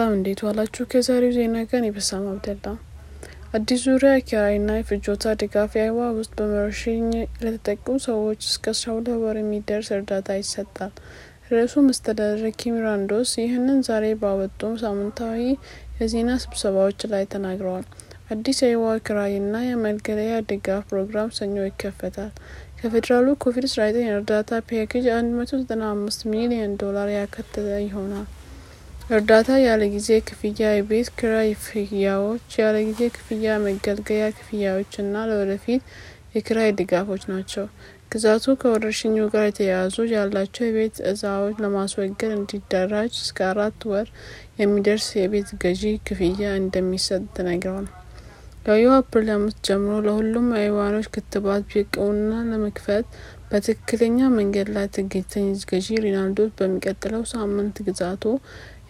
ሰላም እንዴት ዋላችሁ? ከዛሬው ዜና ጋር የበሳም አብደላ። አዲስ ዙሪያ ኪራይና የፍጆታ ድጋፍ የአይዋ ውስጥ በወረርሽኝ ለተጠቁ ሰዎች እስከ አስራ ሁለት ወር የሚደርስ እርዳታ ይሰጣል። ርዕሱ መስተዳደር ኪም ራንዶስ ይህንን ዛሬ ባወጡ ሳምንታዊ የዜና ስብሰባዎች ላይ ተናግረዋል። አዲስ የአይዋ ኪራይና የመገለያ ድጋፍ ፕሮግራም ሰኞ ይከፈታል። ከፌዴራሉ ኮቪድ-19 እርዳታ ፓኬጅ 195 ሚሊዮን ዶላር ያካተተ ይሆናል። እርዳታ ያለ ጊዜ ክፍያ፣ የቤት ክራይ ክፍያዎች፣ ያለ ጊዜ ክፍያ መገልገያ ክፍያዎች እና ለወደፊት የክራይ ድጋፎች ናቸው። ግዛቱ ከወረርሽኙ ጋር የተያያዙ ያላቸው የቤት እዛዎች ለማስወገድ እንዲደራጅ እስከ አራት ወር የሚደርስ የቤት ገዢ ክፍያ እንደሚሰጥ ተነግረዋል። ከየካቲት ዓመት ጀምሮ ለሁሉም አይዋኖች ክትባት ቢቀውና ለመክፈት በትክክለኛ መንገድ ላይ ትገኝተኝ ዝገዢ ሪናልዶ በሚቀጥለው ሳምንት ግዛቱ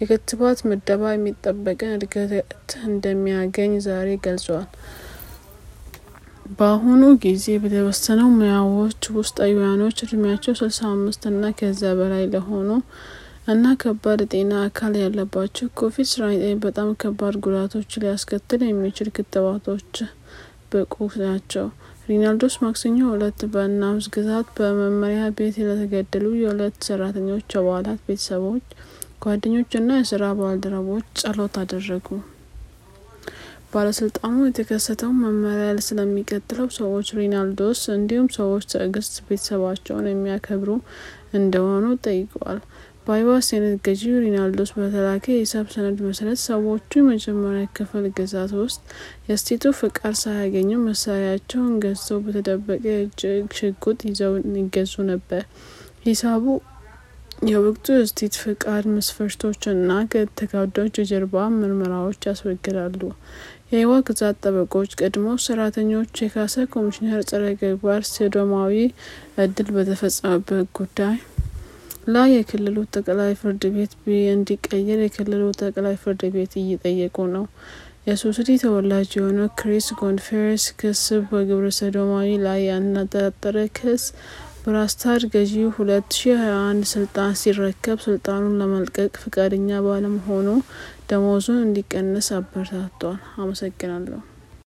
የክትባት ምደባ የሚጠበቅን እድገት እንደሚያገኝ ዛሬ ገልጿል። በአሁኑ ጊዜ በተወሰነው ሙያዎች ውስጥ አይዋኖች እድሜያቸው ስልሳ አምስት እና ከዚያ በላይ ለሆኑ እና ከባድ ጤና አካል ያለባቸው ኮቪድ አስራ ዘጠኝ በጣም ከባድ ጉዳቶች ሊያስከትል የሚችል ክትባቶች ብቁ ናቸው። ሪናልዶስ ማክሰኞ ሁለት በናምስ ግዛት በመመሪያ ቤት ለተገደሉ የሁለት ሰራተኞች አባላት ቤተሰቦች፣ ጓደኞች እና የስራ ባልደረቦች ጸሎት አደረጉ። ባለስልጣኑ የተከሰተው መመሪያ ስለሚቀጥለው ሰዎች ሪናልዶስ እንዲሁም ሰዎች ትዕግስት ቤተሰባቸውን የሚያከብሩ እንደሆኑ ጠይቀዋል። ባይባስ የንግድ ገዢ ሪናልዶስ በተላከ የሂሳብ ሰነድ መሰረት ሰዎቹ የመጀመሪያ ክፍል ግዛት ውስጥ የስቴቱ ፍቃድ ሳያገኙ መሳሪያቸውን ገዝተው በተደበቀ ሽጉጥ ይዘው ይገዙ ነበር። ሂሳቡ የወቅቱ የስቴት ፍቃድ መስፈርቶች እና ከተጋዳዮች የጀርባ ምርመራዎች ያስወግዳሉ። የህዋ ግዛት ጠበቆች ቀድሞ ሰራተኞች የካሳ ኮሚሽነር ጸረ ገግባር ሴዶማዊ እድል በተፈጸመበት ጉዳይ ላይ የክልሉ ጠቅላይ ፍርድ ቤት እንዲቀየር የክልሉ ጠቅላይ ፍርድ ቤት እየጠየቁ ነው። የሶስዲ ተወላጅ የሆነው ክሪስ ጎንፌሬስ ክስ በግብረ ሰዶማዊ ላይ ያነጣጠረ ክስ ብራስታድ ገዢው ሁለት ሺ ሀያ አንድ ስልጣን ሲረከብ ስልጣኑን ለመልቀቅ ፍቃደኛ ባለመሆኑ ደሞዙን እንዲቀንስ አበረታቷል። አመሰግናለሁ።